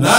ma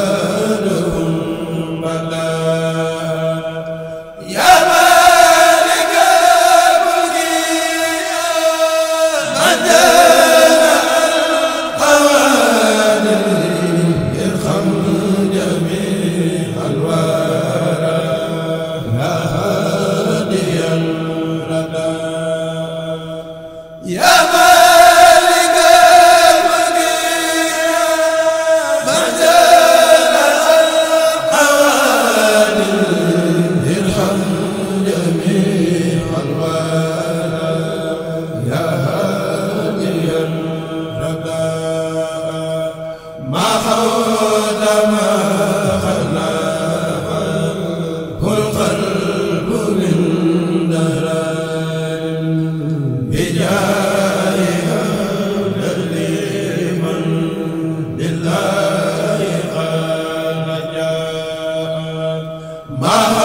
ma